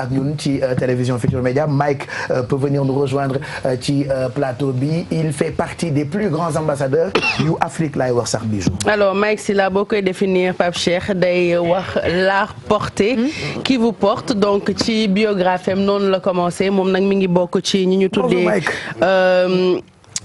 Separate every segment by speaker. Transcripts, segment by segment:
Speaker 1: ak ñun ci euh, télévision Futur Média Mike euh, peut venir nous rejoindre euh, ci plateau bi il fait partie des plus grands ambassadeurs yu Afrique laay wax sax bijou
Speaker 2: alors Mike Sylla boo koy définir Pape Cheikh day wax l'art porté hmm? qui vous porte donc ci biographie am noonu la commencé moom nag mi ngi bokk ci ñi ñu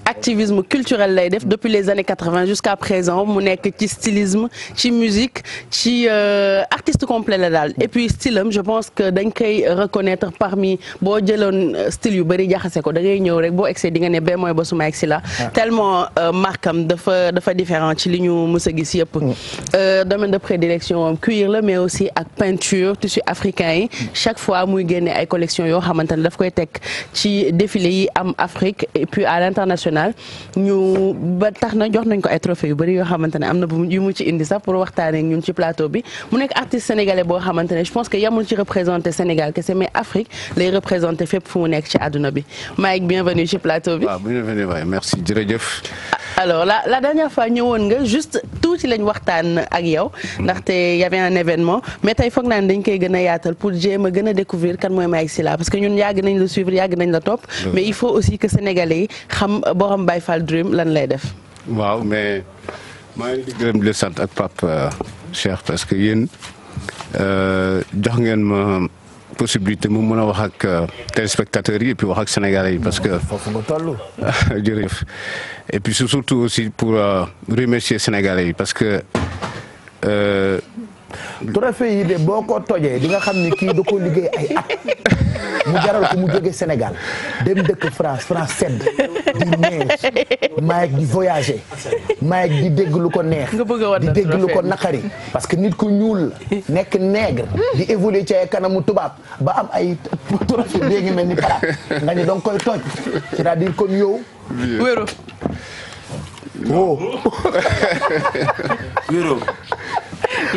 Speaker 2: activisme culturel lay def depuis les années 80 jusqu'à présent mu nekk ci stylisme ci musique ci euh, artiste complet la daal et puis style am je pense que dañ koy reconnaître parmi boo jëloon euh, style yu bëri jaxase ko da ñëw rek boo egsee di nga ne bee mooy ba suma egsi la ah. tellement euh, markam dafa dafa différent ci li ñu mës a gis yëpp mm. domaine de prédilection am cuir la mais aussi ak peinture tissu africain yi chaque fois muy génne ay collection yoo xamante ne daf koy teg ci défilé yi am Afrique et puis nationale ñu ba tax na jox nañ ko ay trophée yu bëri yoo xamante am na yu mu ci indi sax pour waxtaanee ñun ci plateau bi mu nekk artiste sénégalais boo xamante ne je que yamul ci représenté Sénégal ci lañ waxtaan ak yow. Hmm. ndaxte y avait un événement mais tey foog naa ne dañ koy gën a yaatal pour jéem a gën a découvrir kan mooy Mike Sylla parce que ñun yàgg nañ la suivre yàgg nañ la topp. mais il faut aussi que sénégalais yi xam boo xam Baye Fall Dream lan lay def.
Speaker 3: waaw mais maa ngi di gërëm sant ak Pape euh, Cheikh parce que yéen euh, jox ngeen ma possibilité mu mën a wax ak euh, téléspectateurs yi et wax ak sénégalais yi parce que. foofu nga toll. jërëjëf et puis surtout aussi pour remercier sénégalais yi parce que. trophée yi de boo ko tojee di nga xam ni kii da ko liggéey ay
Speaker 1: at mu jaral ko mu jóge Sénégal dem dëkk France France sedd di neex maayeg di voyager maayeg di dégg lu ko neex di dégg lu ko naqari parce que nit ku ñuul nekk nègre di évoluer ci ay kanamu tubaab ba am ay trophée bee ngi mel ni palaat nga ñu dong koy toj c'est-à-dire kon yow
Speaker 3: wéro oh.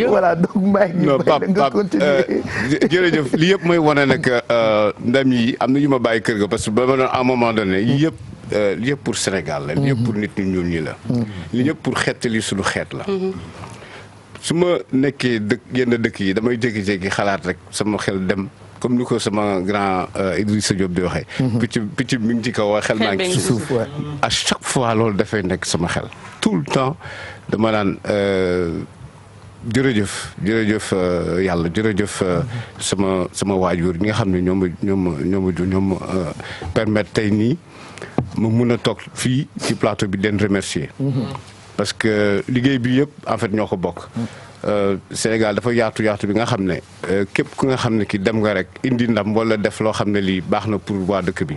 Speaker 3: voilà donc Mbaye nga continuer euh, jërëjëf li yëpp mooy wane nag euh, ndam yi am na ñu ma bàyyi kër ga parce que ba ma doon à moment donné yii yëpp. Euh, li yëpp pour Sénégal la. li yëpp pour nit ñu ñuul ñi la. Mm-hmm. li yëpp pour li suñu xeet la. Mm-hmm. su ma nekkee dëkk yenn dëkk yi damay jékki-jékki xalaat rek sama xel dem comme ni ko sama grand Idrissa Diop di waxee. Mm-hmm. picc picc mi ngi ci kaw xel naa ngi ci suuf à chaque fois loolu dafay nekk sama xel tout le temps dama naan. jërëjëf jërëjëf euh, yàlla jërëjëf euh, sama sama waajur ñi nga xam ne ñoom ñoom ñoom ñoom euh, permettre tey nii ma mun a toog fii ci plateau bi den remercier parce que liggéey bi yëpp en fait ñoo ko bokk. Sénégal dafa yaatu yaatu bi nga xam ne képp ku nga xam ne ki dem nga rek indi ndam wala def loo xam ne lii baax na pour waa dëkk bi.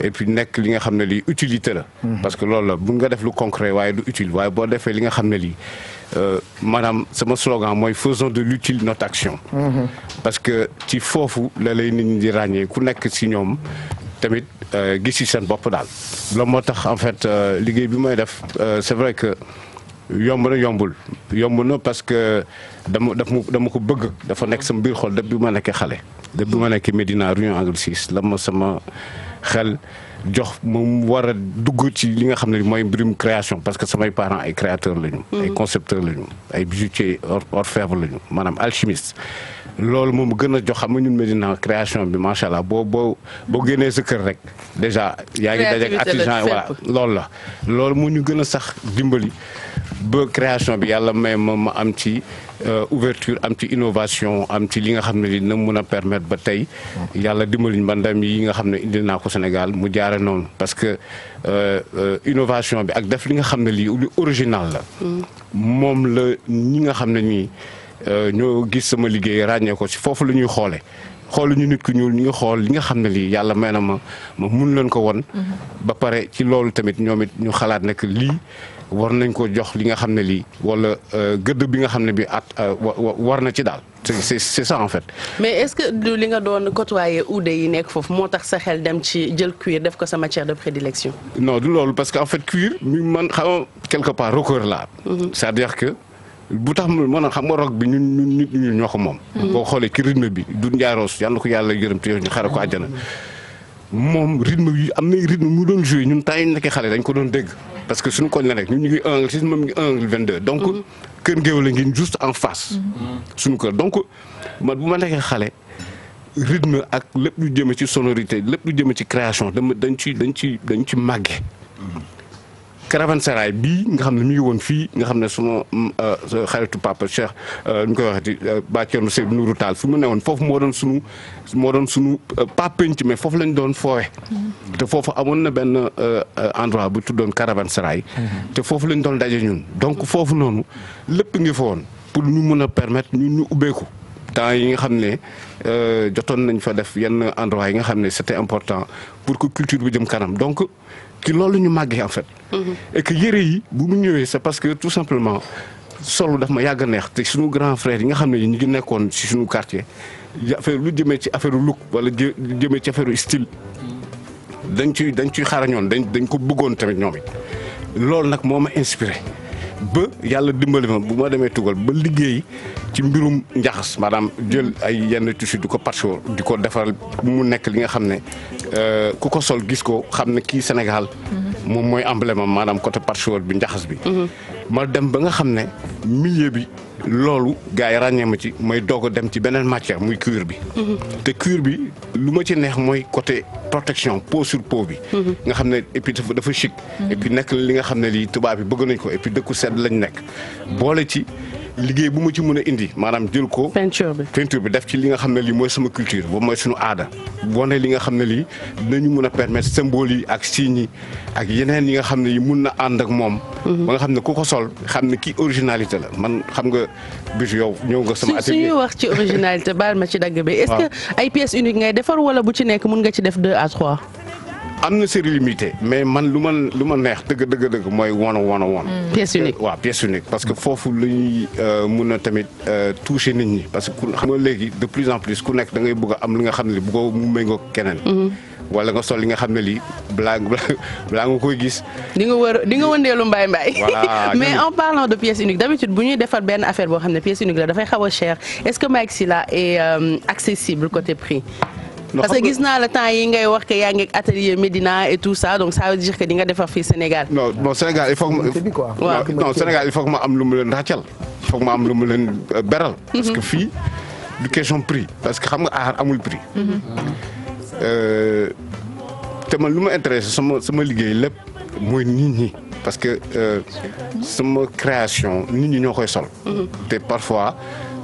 Speaker 3: et puis nekk li nga xam ne lii utilité la. Mhm. parce que loolu la bu nga def lu concret waaye du utile waaye boo defee li nga xam ne lii euh, maanaam sama slogan mooy faisons de l'utile notre action. Mhm. parce que ci foofu la lay nit ñi di ràññee ku nekk si ñoom tamit euh, gis si seen bopp daal. loolu moo tax en fait euh, liggéey bi may def c'est vrai que. yomb na yombul yomb na parce que dama mu dama ko bëgg dafa nekk sama biir xol dëpp bi ma nekkee xale dëpp bu ma nekkee Médina rue Angle 6 la ma sama xel jox mu war a dugg ci li nga xam ne mooy mbirum création parce que samay parents ay créateurs lañu. Mm-hmm. ay concepteurs lañu ay bijoutiers orfèvres lañu maanaam alchimiste. loolu moom gën a jox xam ma ñu Medina création bi macha allah boo boo boo génnee sa kër rek déjà. yaa ngi dajeeg artisan voilà lool la. lool moo ñu gën a sax dimbali ba création bi yàlla may ma ma am ci. Euh, ouverture am ci innovation am ci li nga xam ne li na mun a permettre ba tey yàlla dimbaliñ ba ndam yi nga xam ne indi naa ko Sénégal mu jaare noonu parce que euh, euh, innovation bi ak def li nga xam ne lii lu original la moom la ñi nga xam ne nii ñoo gis sama liggéey ràññee ko ci foofu la ñuy xoole xoolu ñu nit ku ñuul ñu ngi xool li nga xam ne lii yàlla may na ma ma mun leen ko won mm-hmm. ba pare ci loolu tamit ñoom ñu xalaat nekk lii war nañ ko jox li nga xam ne lii wala euh, gëdd bi nga xam ne bi at euh, war na ci daal c'est c'est en fait.
Speaker 2: mais est-ce que du li nga doon côtoyer uude yi nekk foofu moo tax sa xel dem ci jël cuir def ko sa matière de prédilection.
Speaker 3: non du loolu parce que en fait cuir mi man xam quelque part rocker la mm-hmm. c'est-à-dire que. bu tax mu mën a xam nga rock bi ñun ñun nit ñi ñoo ko moom. Mm-hmm. boo xoolee ci bi du njaaroos yàlla ko yàlla yërëm te ñu xare ko àjjana. Mm-hmm. moom rythme yi am na rythme mu doon joué ñun temps yi nekkee xale dañ ko doon dégg parce que suñu koñ la rek ñun ñu ngi angle six moom ngi angle vingt donc mm-hmm. kër ngéew la ngi juste en face mm-hmm. suñu ko donc mat bu ma nekkee xale rythme ak lépp lu jëme ci sonorité lépp lu jëme ci création dama dañ ci dañ ci dañ ci màgge mm-hmm. caravansérail bi nga xam ne mi ngi woon fii nga xam ne suma mm, euh, xaritu papa Cheikh euh, ñu koy waxati euh, Bathierno Seydou Nourou Tall fi mu ne woon foofu moo doon sunu moo doon sunu pas penc mais foofu lañu doon foowe mm-hmm. te foofu amoon na benn endroit bu tuddoon caravansérail mm-hmm. te foofu lañ doon daje ñun donc foofu noonu lépp ngi fa woon pour ñu mun a permettre ñu ñu ubbeeku temps yi nga xam ne jotoon nañ fa def yenn endroit yi nga xam ne c'était important pour que bi jëm kanam donc ki loolu ñu màggee en fait. Mhm. et yére yi bu mu ñëwee c'est parce que tout simplement sol daf ma yàgg neex te suñu grand frère yi nga xam ne ñu ngi nekkoon si suñu quartier affaire lu jëmee ci affaire look wala jëmee ci affaire style. dañ ciy dañ ciy xaarañoon dañ dañ ko bëggoon tamit ñoom it loolu nag moom ma inspiré. ba yàlla dimbali ma bu ma demee tugal ba liggéey ci mbirum njaxas maanaam jël ay yenn tissu di ko patchoo di ko defaral mu nekk li nga xam ne euh, ku ko sol gis ko xam ne kii Sénégal. Mm-hmm. moom mooy emblème am maanaam côté patchwork bi njaxas bi. Mm-hmm. ma dem ba nga xam ne milieu bi loolu gars yi ràññee ma ci may doog a dem ci beneen matière muy cuir bi. te cuir bi lu ma ci neex mooy côté protection po sur po bi. nga xam ne et puis dafa dafa chic. et puis nekk li nga xam ne lii tubaab bi bëgg nañ ko et puis dëkku sedd lañ nekk boole ci. liggéey bu ma ci mun a indi maanaam jël ko. peinture bi bi def ci li nga xam ne lii mooy sama culture boobu mooy suñu aada. wane li nga xam ne lii ñu mun a permettre symbole yi ak signes yi ak yeneen yi nga xam ne yi mun na ànd ak moom. Mhm. ba nga xam ne ku ko sol xam ne kii originalité la man xam nga bis yow ñëw nga sama. atelier su ñuy wax ci originalité
Speaker 2: baal ma ci dagg bi. est ay pièces uniques ngay defar wala bu ci nekk mun nga ci def deux à trois.
Speaker 3: am na série limitée mais man lu ma lu ma neex dëgg dëgg mooy one on one on one. Mm. pièce unique euh, waaw pièce unique. parce que foofu la ñuy euh, mun na tamit euh, toucher nit ñi parce que xam nga léegi de plus en plus ku nekk da ngay bëgg am li nga xam ne bu ko mu méngoo keneen. Mm-hmm. wala nga sol li nga xam ne lii balaa balaa nga koy gis.
Speaker 2: di nga wër di nga wëndeelu mbaay mbaay. mais en parlant de pièce unique d'habitude bu ñuy defar benn affaire boo xam ne pièce unique la dafay xaw a cher est-ce que Maxi là est accessible parce que gis naa la temps yi ngay wax que yaa ngi ak atelier Médina et tout ça donc ça veut dire que di nga defar fii Sénégal. non bon Sénégal il faut que
Speaker 3: non ma am lum leen ràccal. il faut ma am lu mu leen euh, beral. Mhm. parce que fii du question prix. parce que xam nga aar amul prix. Mhm. Euh, te man lu ma intéressé sama sama liggéey lépp mooy nit ñi. parce que euh, sama création nit ñi ñoo koy sol. Mhm. te parfois.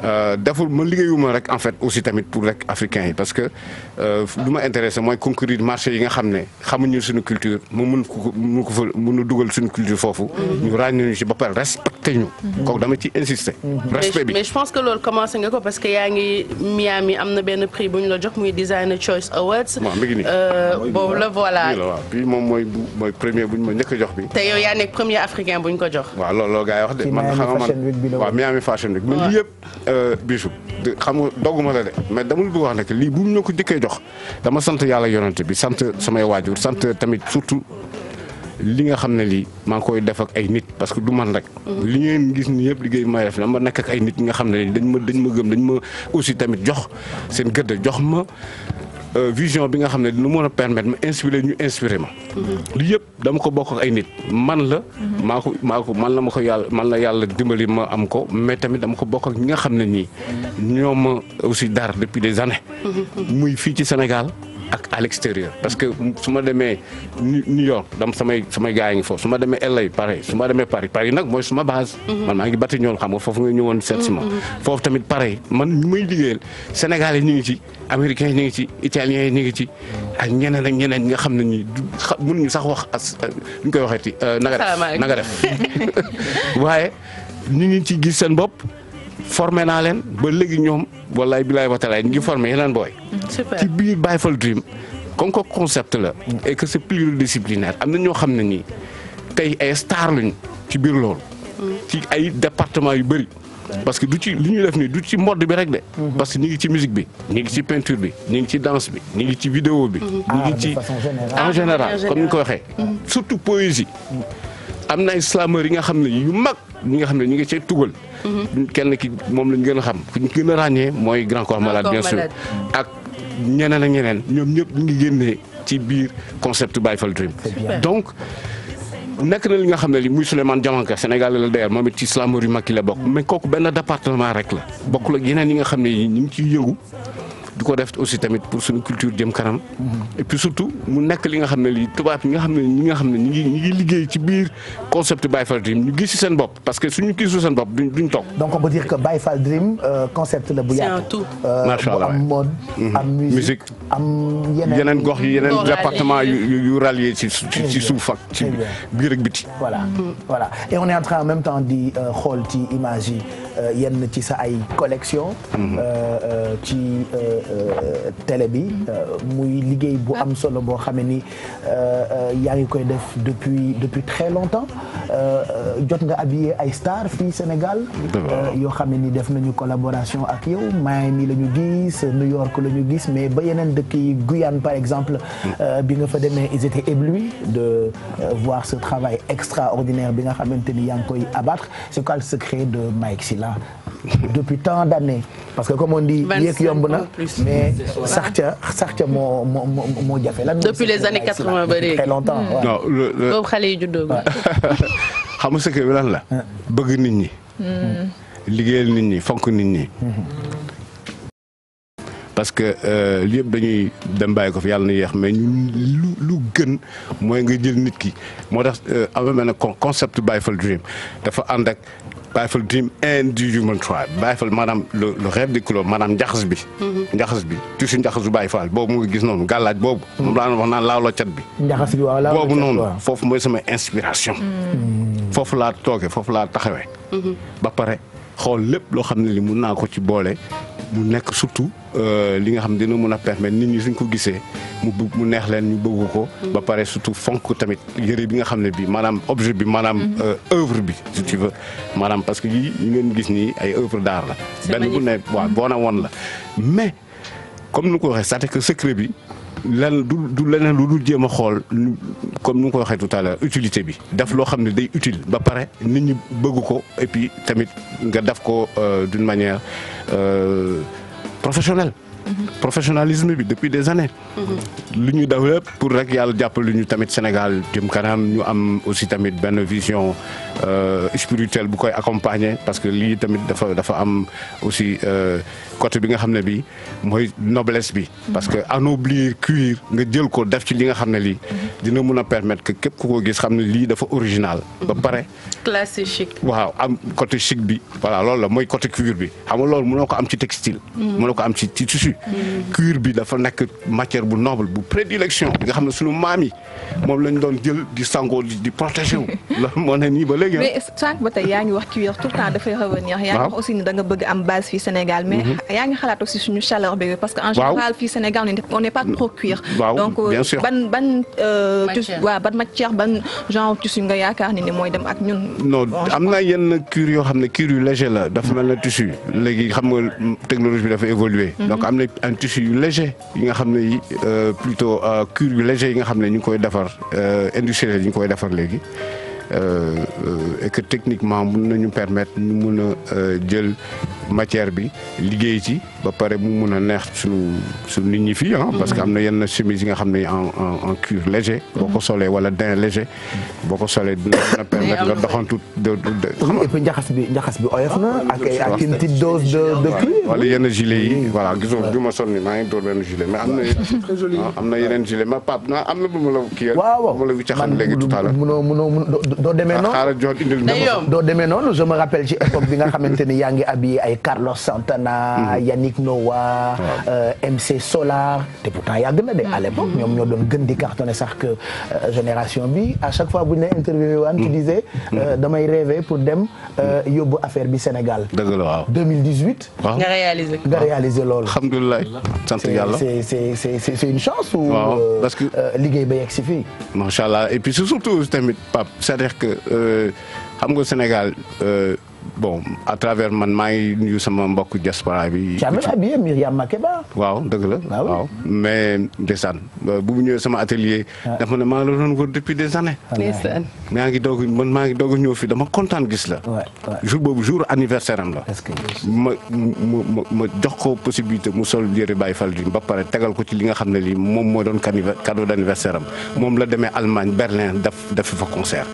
Speaker 3: Euh, deful ma liggéeyuma rek en fait aussi tamit pour rek africain yi parce que euh, lu intéressé mooy concourir marché yi nga xam ne xamuñu suñu culture mu mun ko ko mun a dugal suñu culture foofu. Mm-hmm. ñu ràññee ci ba pare respecté ñu. Mm-hmm. kooku dama ci insister. Mm-hmm. respect mais je
Speaker 2: pense que loolu commencé nga ko parce que yaa ngi Miami am na benn prix bu ñu la jox muy Designer Choice Awards. waaw euh,
Speaker 3: moom mooy mooy premier bu ñu ma njëkk jox bi. te
Speaker 2: yow yaa nekk premier africain bu ko jox.
Speaker 3: waaw loolu loolu gars yi wax Euh, Bichou xam nga dogguma la de mais dama bëgg wax ne lii bu ñu ko njëkkee jox dama sant yàlla yonante bi sant samay waajur sant tamit surtout li nga xam ne lii maa ngi koy def ak ay nit parce que du man rek. li ngeen gis yëpp liggéey may def dama nekk ak ay nit ñi nga xam ne dañ ma dañ ma gëm dañ ma aussi tamit jox seen gëdd jox ma. Euh, vision bi nga xam ne dina mën a permettre ma inspiré ñu inspiré ma. li yëpp dama ko bokk ay nit man la. maa ko maa ko man la ma ko yàlla man la yàlla dimbali ma am ko mais tamit dama ko bokk ak ñi nga xam ne nii ñoom aussi dar depuis des années. muy fii ci Sénégal. ak à l'extérieur parce que su ma demee New York dam samay samay gars yi ngi foofu su ma demee LA pareil su ma demee Paris Paris nag mooy suma base mhm. man maa ngi Batignolles xam nga foofu nga ñëwoon seet si ma mhm, mhm. foofu tamit pareil man ñu muy liggéeyal Sénégal yi ñu ngi ci américains yi ñu ngi ci italiens yi ñu ngi ci ak ñeneen ak ñeneen ñi nga xam ne ñu ñi ñu sax wax as euh, ñu koy waxeeti euh, naga def naga def waaye ñu ngi ci gis seen bopp formé naa leen ba léegi ñoom wallaay bilaay watalaay ñu ngi formé yeneen booy.
Speaker 2: Mm-hmm. super ci
Speaker 3: biir Baye Fall Dream comme que concept la. et que c'est pluridisciplinaire am na ñoo xam ne nii tey ay star lañu ci biir loolu. Mm-hmm. ci ay departement yu bëri. parce que du ci li ñuy def nii du ci mode bi rek de. Mm-hmm. parce que ñu ngi ci musique bi. ñu ngi ci peinture bi ñu ngi ci danse bi ñu ngi ci vidéo bi. ñu ngi ci ah, en général comme ni ko waxee. surtout poésie am na ay yi nga xam ne yu ñi nga xam ne ñu ngi cay tugal. Mhm. kenn ki moom lañ gën a xam fi ñu ràññee mooy grand corps malade bien sûr ak ñeneen a ñeneen ñoom ñëpp ñu ngi génnee ci biir concept Baye Fall Dream donc nekk na li nga xam ne li muy Souleymane Diamanka Sénégal la der moom it ci Slamour yu mag yi la bokk mais kooku benn département rek la bokk la yeneen yi nga xam ne ñu ngi ci yëngu di ko def aussi tamit pour suñu culture jëm kanam. et puis surtout mu nekk li nga xam ne lii tubaab yi nga xam ne ñi nga xam ne ñi ngi ñi ngi liggéey ci biir concept Baye Fall Dream ñu gis si seen bopp parce que suñu gisul seen bopp duñ duñ toog. donc on peut
Speaker 1: dire que Baye Fall Dream euh, concept la bu yaatu. Euh, macha allah am mode.
Speaker 3: am mhm. musique
Speaker 1: am yeneen yeneen gox yi yeneen département yu
Speaker 3: yu rallié ci ci suuf ak ci biir ak biti. voilà
Speaker 1: voilà et on est en train en même temps di euh, xool ci image yi. Euh, yenn ci sa ay collection mhm. euh, euh, ci télé bi mhm. muy liggéey bu am solo boo xamee ni yaa ngi koy def depuis depuis très longtemps jot nga habillé ay star fi Sénégal yoo xam ne ni def nañu collaboration ak yow Miami la ñu gis New York la ñu gis mais ba yeneen dëkk yi guyan par exemple mhm. bi nga fa demee ils étaient éblouis de voir ce travail extraordinaire bi nga xamante ni yaa ngi koy abattre c'est quoi secret de Mike Sylla là depuis tant d'années parce que comme on dit yéeg yomb na mais sax ca sax ca moo moo moo jafe lan
Speaker 2: depuis les années 80 ba léegi très longtemps hmm. non boobu xale yi juddoo
Speaker 3: xam nga ce que lan la hmm. bëgg nit ñi hmm. liggéeyal nit ñi fonk nit ñi parce que euh, li yëpp dañuy dem bàyyi ko fi yàlla na yeex mais ñu lu lu gën mooy nga jël nit ki moo tax euh, am na concept Baifal Dream dafa ànd ak Baifal Dream and the Human Tribe Baifal maanaam le rêve du couleur maanaam njaxas bi. Mm-hmm. njaxas bi toujours njaxasu Baifal boobu mu ngi gis noonu gàllaaj boobu. moom laa wax naan laaloo bi. njaxas bi waaw boobu noonu foofu mooy sama inspiration. Mm. foofu laa toogee foofu laa taxawee. Mm-hmm. ba pare xool lépp loo xam ne li mun ci boole. mu nekk surtout euh, li nga xam dina mun a permettre nit ñi suñ ko gisee mu bëgg mu neex leen ñu bëgg ko. Mm-hmm. ba pare surtout fonk tamit yëre bi nga xam ne bii maanaam objet bi maanaam mm-hmm. euh, œuvre bi si tu veux maanaam parce que yii ñu ngeen gis nii ay œuvre d'art la. benn bu ne waaw mm-hmm. boo na woon la mais comme nu ko waxee c'est-à-dire bi. lan du du leneen lu dul jéem a xool comme ni nga ko waxee tout à utilité bi daf loo xam ne day utile ba pare nit ñi bëgg ko et puis tamit nga daf ko euh, d'une manière euh, professionnelle professionnalisme bi depuis des années. Mhm. lu ñuy daw lépp pour rek yàlla lu ñu tamit Sénégal jëm kanam ñu am aussi tamit benn vision euh, spirituelle bu koy accompagner parce que lii tamit dafa dafa am aussi euh, côté bi nga xam ne bi mooy noblesse bi. Mhm. parce que anoblir cuir nga jël ko def ci li nga xam ne lii. Mhm. dina mun a permettre que képp ku ko gis xam ne lii dafa original. ba mhm. pare
Speaker 2: classé chic.
Speaker 3: waaw am côté chic bi voilà loolu la mooy côté cuir bi xam nga loolu mënoo ko am ci textile. Mhm. mënoo ko am ci ci mhm. cuir bi dafa nekk matière bu noble bu prédilection bi nga xam ne sunu maam yi moom lañ doon jël di sangoo di protéger wu. loolu moo ne nii ba léegi. Ah. mais
Speaker 2: sànq ba yaa ngi wax cuir tout le temps dafay revenir. waaw yaa ngi wax aussi ni da nga am base fii Sénégal. mais yaa ngi xalaat aussi suñu chaleur bi parce que en général fii Sénégal on Euh, matière waaw ban matière ban genre tissu nga yaakaar ni ne mooy dem ak ñun.
Speaker 3: non am na yenn cure yoo xam ne cure yu léger la dafa mel ne tissu léegi xam nga technologie bi dafa évoluer mhm. donc am na un tissu yu léger yi nga xam ne euh, plutôt euh, cure yu léger yi nga xam ne ñu ngi koy defar industriel yi ñu koy defar léegi. Euh, et que techniquement mun nañu permettre ñu mun a euh, jël matière bi liggéey ci ba pare mu mun a neex suñu suñu nit ñi fii ah. parce que am na yenn chemise yi nga xam ne en en cuir léger. boo ko solee wala daim léger. boo ko solee dina mun a permettre nga doxantu de de. et puis njaxas bi njaxas bi oyof na ak ak une
Speaker 1: petite dose de de cuir.
Speaker 3: wala yenn gilet yi voilà gisoo bi ma sol ni maa ngi door benn gilet mais am na. Ah, am na yeneen gilet mais Pape am na bu ma la kii. waaw waaw ma la wiccaxal léegi tout à l'heure. munoo
Speaker 1: munoo doo demee ah, noonu. Baara John indil doo demee noonu je me rappelle ci époque bi nga xamante ni yaa ngi habillé ay mm-hmm. euh, Solar te pourtant yàgg de à mm-hmm. l'époque ñoom ñoo doon gën di cartonné sax que euh, génération bi à chaque fois bu ñu lay interviewé waan tu mm-hmm. disais euh, damay rêvé pour dem yóbbu affaire bi Sénégal dëgg la waaw 2018
Speaker 3: nga réalisé nga réalisé c'est une chance ou parce que liggéey ba yegg et puis surtout tamit Pape c'est-à-dire que Euh, xam nga Sénégal euh, bon à travers man maa ngi nuyu sama mbokk diaspora bi. ci amee bi Myriam Makeba. waaw dëgg la ah waaw. mais ndeysaan bu mu ñëwee sama atelier. Ah. dafa ne maa la doon wër depuis des années. Ah, maa ngi doog man maa ngi doog ñëw fi dama kontaan gis la. jour boobu jour anniversaire am la. ma ma ma jox ko possibilité mu sol yëre Baye Fall ba pare tegal ko ci li nga xam ne lii moom moo doon cadeau d' anniversaire am moom la demee Allemagne Berlin daf daf fa concert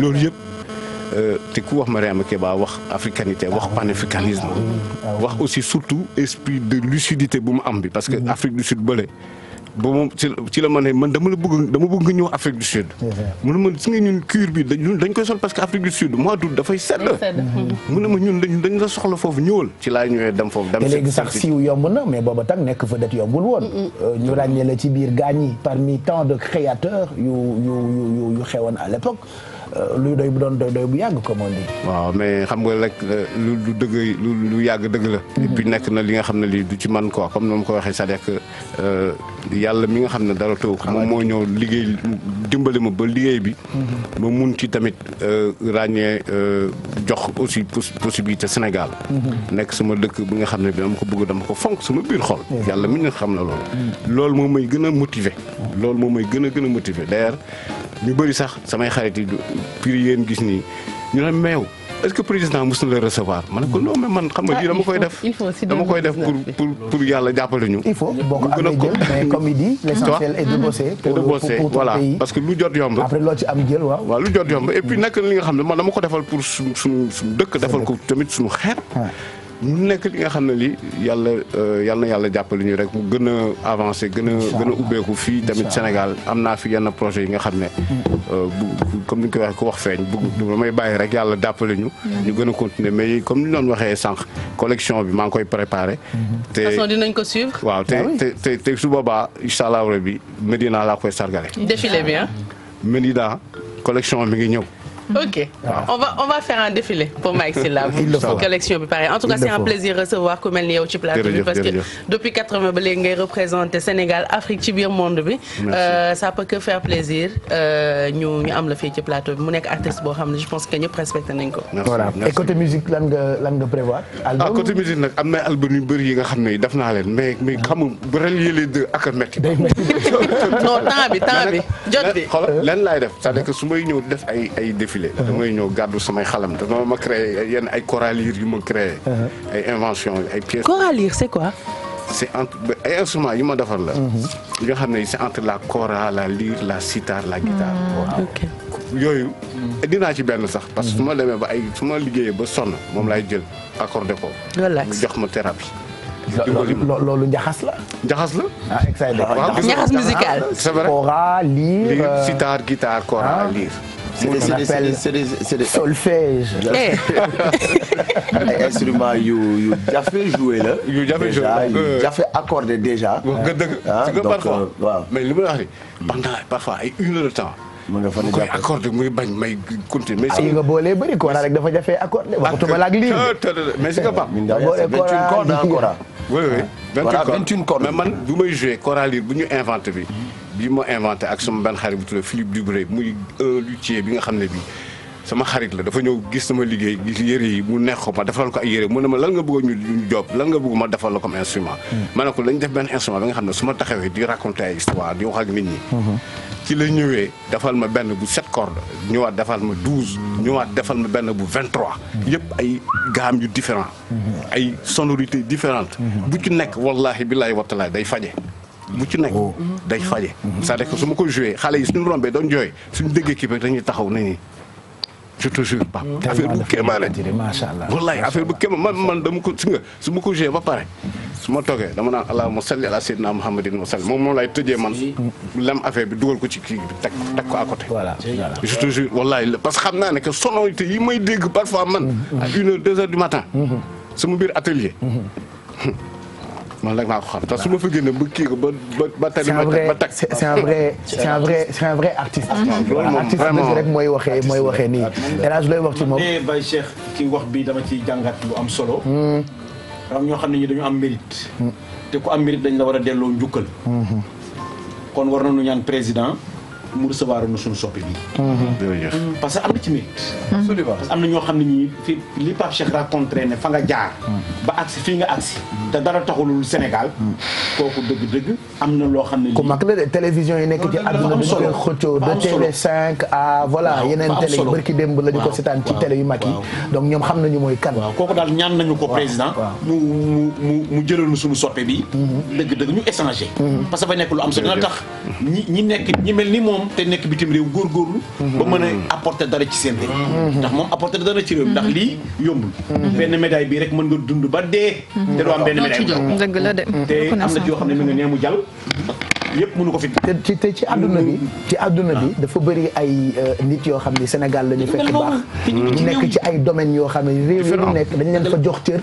Speaker 3: loolu yëpp. Euh, te ku wax ma Mariama Keba wax africanité wax panafricanisme wax aussi surtout esprit de lucidité bu mu am bi parce que mm-hmm. Afrique du Sud bële ba moom ci la ma ne man dama la bëgg dama bëgg nga ñëw Afrique du Sud. Mm-hmm. mu ne ma su nga ñun cuir bi dañ koy sol parce que Afrique du Sud mois d'août dafay sedd. Mm-hmm. mu ne ma ñun dañ dañ la soxla foofu ñëwal. ci laa ñëwee dem foofu dem. léegi sax siiw
Speaker 1: yomb na mais booba tam nekk vedette yombul woon. Euh, ñu ràññee la ci biir gaañ yi parmi tant de créateurs yu yu yu yu xewoon à l'époque Euh, luy doy bu doon doy doy bu yàgg
Speaker 3: waaw mais xam nga rek euh, lu dëgg lu lu yàgg dëgg la. Hmm. et nekk na li nga xam ne lii du ci man quoi comme noonu ko waxee c'est-à-dire euh, yàlla mi nga xam ne dara taw ko moo ñëw liggéey dimbali ma ba liggéey bi. ma hmm. mun ci tamit ràññee jox aussi possibilité Sénégal. Hmm. nekk sama dëkk bi nga xam ne bi dama ko bëgg dama ko fonk sama biir xol. yàlla mi nga xam na loolu. loolu moom may gën a motiver. loolu moom may gën a gën a motiver d'ailleurs ñu bëri sax samay xarit yi prix yéen gis nii ñu ne meew est-ce que président mos na la recevoir ma ne ko non man xam nga ah, lii dama koy def dama koy def pour pour pour yàlla jàppale ñu.
Speaker 1: il faut boo ko amee jël mais comme il dit l'essentiel est de bosser. pour pour voilà
Speaker 3: parce que am ne man dama ko defal pour suñu suñu dëkk defal ko tamit su suñu xeet. mu nekk li nga xam ne li yàlla euh, yal na yàlla jàppale ñu rek mu gën a avancé gën a gën a fii tamit Sénégal am naa fi yenn projet yi nga xam ne mm. euh, comme ni ñu koy waxee ku wax feeñ bëgg may bàyyi rek yàlla jàppale ñu mm. ñu gën a continuer mais comme ni ñu doon waxee sànq collection bi maa ngi koy préparé mm-hmm. te façon
Speaker 2: dinañ ko suivre waaw te ah
Speaker 3: te te su boobaa incha allah rabi Medina laa koy sargale défilé collection mi ngi ñëw
Speaker 2: ok ah. on va on va faire un défilé pour Mike Sylla pour collection bi pare en tout cas c'est un plaisir recevoir ku mel ni yow ci plateau bi parce que depuis 80 ba léegi ngay représenter Sénégal Afrique ci biir monde bi euh, ça peut que faire plaisir euh, ñu am la fii ci plateau bi mu nekk artiste boo xam ne je pense que ñëpp respecté nañ ko côté musique lan nga prévoir
Speaker 3: ah côté musique nag am na album yu bëri yi nga xam ne def naa leen mais mais ah. xamu bu relier défilé. damay ñëw gàddu samay xalam dama ma créé yenn ay choralires yu ma créé. Uh-huh. ay invention ay pièces.
Speaker 2: choralire c'est quoi.
Speaker 3: c'est entre ay instruments yi ma defar la. Uh-huh. yi nga xam ne c'est entre la cora la lyre la sitar la guitare.
Speaker 2: Hmm,
Speaker 3: yooyu. Hmm. dinaa ci benn sax. parce que su ma hmm. demee ba ay su ma liggéeyee ba sonn moom lay jël accordé ko. ma thérapie.
Speaker 1: loolu
Speaker 3: njaxas la. njaxas la. Ah,
Speaker 1: njaxas musical.
Speaker 3: c'est vrai cora lyre sitar euh, guitare cora ah. lyre.
Speaker 1: qu'on
Speaker 4: appelle
Speaker 1: solfège. Eh.
Speaker 4: ay instruments yu yu jafe joué la. yu jafe joué la yu euh, jafe accordé déjà. Ah, donc
Speaker 3: euh, waaw. mais li ma la wax nii pendant parfois ay une heure de temps. mu nga fa ne jàppale accord muy bañ may continuer. mais si
Speaker 1: nga boolee bëri Kora rek dafa jafe accord waxtuma la ak lii. mais si nga Pape. vingt-une cordes encore. Ah.
Speaker 3: oui oui vingt-une cordes mais man bu may joué Kora lii bu ñu inventé bi. bi ma inventé ak sama benn xarit bu tudd Philippe Dubré muy un luthier bi nga xam ne bii sama xarit la dafa ñëw gis sama liggéey gis yëre yi mu neex ko ma defal ko ay yëre mu ne ma lan nga bëgg ñu ñu job lan nga bëgg ma defal la comme instrument. Mm. ma ne ko lañ def benn instrument nga xam ne su ma taxawee di raconter ay histoire di wax ak nit ñi. Mm-hmm. ci la ñëwee defal ma benn bu sept cordes ñëwaat defal ma douze ñëwaat defal ma benn bu vingt trois. Mm-hmm. yëpp ay gaam yu différent mm-hmm. ay sonorités différentes. bu ci nekk wallahi billahi watalaay day faje mu ci nekk oh. day faje cest à su ma ko joué xale yi suñu rombee doon jooy suñu déggee kii bi dañuy taxaw nañu je te jure ba affaire bu kéemaane bu kéemaane man man dama si nga su ma ko joué ba pare su ma toogee dama naan allahumma salli ala sayyidina muhammadin wa moom moom laay tëjee man lem affaire bi dugal ko ci kii bi teg teg ko à côté je te parce que xam naa ne que sonorité yi may dégg parfois man à une heure deux heures du matin mm-hmm. sama biir atelier mm-hmm. man rek laa ko xam te su ma fa génne ba kii ba ba
Speaker 4: tali ba teg. c'est un vrai c'est un vrai
Speaker 1: c'est un vrai artiste. Mm-hmm. rek mooy waxee mooy waxee nii.
Speaker 4: El Hadj looy wax ci moom. eh Baye Cheikh ci wax bi dama ciy jàngat lu am solo. Mm-hmm. am ñoo xam ne ñi dañu am mérite. Mm-hmm. te ku am mérite dañ la war a delloo njukkal. kon war nañu ñaan président. mu recevoir na suñu soppi bi mhm. mm, parce que am na ci mérite mhm. parce que am na ñoo xam ne ñii li Pape Cheikh ne fa nga jaar mhm. ba agsi fii nga agsi te dara taxulul Sénégal kooku dëgg-dëgg am na loo xam ne ku mag
Speaker 1: télévision yi nekk ci àdduna bi ñu xëccoo de télé
Speaker 4: 5 à voilà yeneen télé yi barki
Speaker 1: démb ko seetaan ci télé mag yi donc ñoom xam nañu mooy kan kooku
Speaker 4: daal ñaan nañu ko président mu mu mu mu jëlal suñu bi dëgg-dëgg ñu échanger parce que ba nekk lu am solo dina tax ñi nekk ñi mel ni moom moom te nekk bitim réew góorgóorlu ba mën a apporter dara ci seen réew ndax moom apporter dara ci réew ndax lii yombul benn médaille bii rek mën nga dund ba dee te doo am benn médaille te am na ci yoo xam ne mi ngi nee mu jal
Speaker 1: yëpp mënu ci àdduna bi ci àdduna bi ah. dafa bëri ay euh, nit yoo xam ne Sénégal la ñu fekk baax nekk ci ay domaines yoo xam ne réew yi nekk dañ leen fa jox cër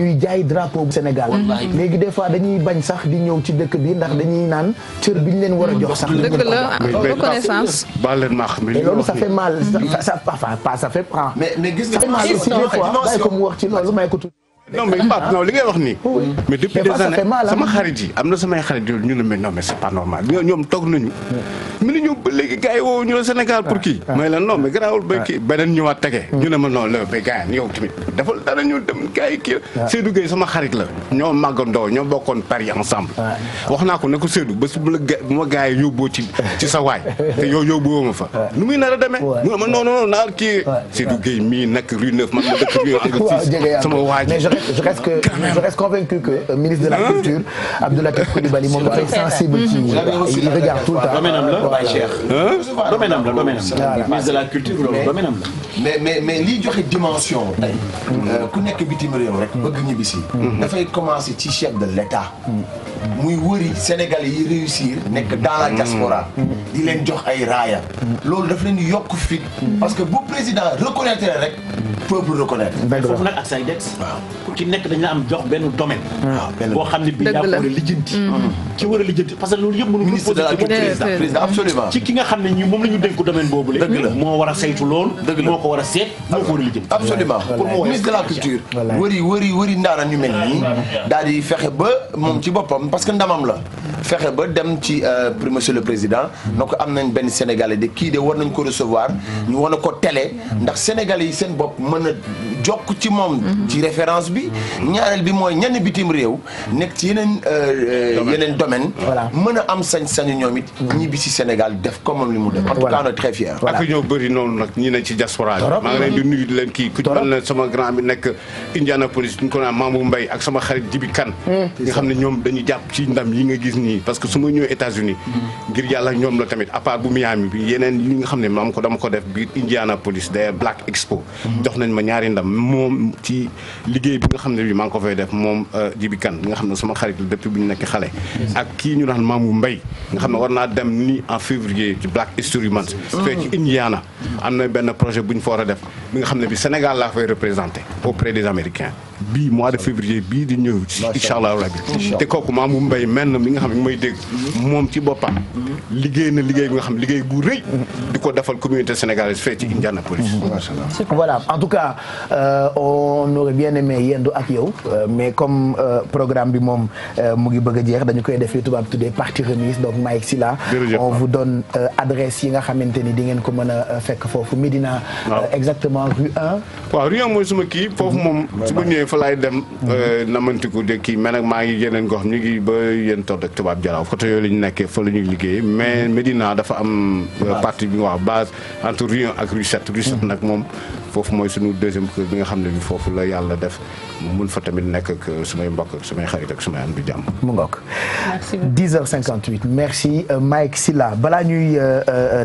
Speaker 1: ñuy jaay drapeau bu Sénégal léegi des fois dañuy bañ sax di ñëw ci dëkk bi ndax dañuy naan cër bi ñu leen war jox sax dëgg la ah, reconnaissance
Speaker 3: baal leen maax mais loolu ça fait
Speaker 1: mal ça pas ça fait pas mais mais gis nga mal aussi des fois bàyyi wax ci loolu may ko tudd non mais Pape non li ngay wax nii. mais depuis des sama xarit yi
Speaker 3: am na samay xarit yooyu ñu ne mais non c'est pas normal ñoom toog nañu. ñu la Sénégal pour kii. Ah, ah. may la non mais garaawul ba kii ah. beneen ñëwaat tege. Hmm. ñu ne ma non la ba ñu dem gars kii la. Seydou sama xarit la. ñoo màggandoo ñoo bokkoon Paris ensemble. wax naa ko ne ko Seydou ba su ma ma gars yi yóbboo ci ci sa waay. te ma a demee. mu ne ma non non non naa kii. Seydou Gueye mii nag rue neuf man ma dëkk sama waay je reste que
Speaker 1: je reste convaincu que ministre de la culture Abdoulatif Coulibaly moom dafay sensible ci il regarde tout de
Speaker 4: la mais mais mais liy joxe dimension tey mm-hmm. euh, ku nekk bitim réew rek bëgg ñibbisi mm-hmm. dafay commencer ci chef de l'État mm-hmm. muy wëri Sénégalais yi nekk dans la diaspora di leen jox ay raaya loolu daf leen yokk fit parce que bu président reconnaître rek peuple reconnaître foofu nag ak say dex waaw ku ci nekk dañ la am jox benn domaine. Ah, ah, boo xam ne bii yaa ko war a lijjanti. Mm. Mm. ci war a lijjanti parce que loolu yëpp mënuñu. ministre de la culture président mm. absolument ci ki nga xam ne ñi moom la ñu dénku domaine boobu la. dëgg la moo war a saytu loolu. dëgg la moo ko war a seet moo ko war a lijjanti. absolument pour mu ministre de la culture. wëri wëri wëri ndaaraan yu mel nii. daal di fexe ba moom ci boppam parce que ndamam la. fexe ba dem ci euh, monsieur le président. na ko am nañ benn sénégalais de kii de war nañ ko recevoir. ñu wan ko télé. ndax sénégalais yi seen bopp mën a jokk ci moom. Mm-hmm. ci référence bi ñaareel bi mooy ñenn bitim réew nekk ci yeneen euh, euh, yeneen domaine mën a am sañ-sañu ñoom it mm-hmm. ñibbi si Sénégal def comme li mu def en tout cas on est très fier ak ñoo bëri noonu nag
Speaker 3: ñi ne ci diaspora bi maa ngi leen di nuyu di leen kii ku ci mel ne sama grand bi nekk Indianapolis ñu ak sama xarit Jibi Kan mm. ñoom dañu jàpp ci ndam yi nga gis nii parce que su ma ñëwee États-Unis mm-hmm. ngir yàlla ñoom la tamit à bu Miami bi yeneen yi nga xam ne maam ko dama ko def biir Indianapolis day Black Expo mm-hmm. jox nañ ma ñaari ndam moom ci liggéey bi nga xam ne bi maa ngi ko fay def moom euh, Jibi Kan bi nga xam ne sama xarit la depuis bu ñu nekk xale ak kii ñu naan Mamou Mbaye nga xam ne war naa dem ni en février ci Black History mm. fee ci Indiana am na benn projet bu ñu a def bi nga xam ne bi Sénégal laa fay représenté auprès des Américains bii mois de février bii di ñëw incha allahu rabi te kooku Mamou Mbaye menn mi nga xam ne mooy dégg moom ci boppam liggéey na liggéey bi nga xam liggéey bu rëy di ko defal communauté sénégalaise fee ci Indianapolis
Speaker 1: voilà en tout euh, yendu ak yow euh, mais comme euh, programme bi moom euh, mu ngi bëgg a jeex dañu koy def li tubaab tuddee partie remise donc Malick la on vous donne adresse yi nga xamante ni di ngeen ko mën a fekk foofu Médina exactement rue 1
Speaker 3: waaw rue mooy suma kii foofu moom mm-hmm. su ma ñëwee fa laay dem mm-hmm. namantiku de kii mais nag maa ngi yeneen gox ñu ngi ba yéen todd ak tubaab jalaaw côté yooyu la ñu nekkee fa la ñuy liggéeyee mais mm-hmm. Médina dafa am partie bi nga wax base entre rue 1 ak rue 7 rue 7 moom foofu mooy suñu deuxième kër bi nga xam ne bi foofu la yàlla def mun fa tamit nekk ak sumay mbokk ak sumay xarit ak sumay am di jàmm.
Speaker 1: mu ngoog. merci beaucoup euh, Mike Sylla balaa ñuy. Euh, euh,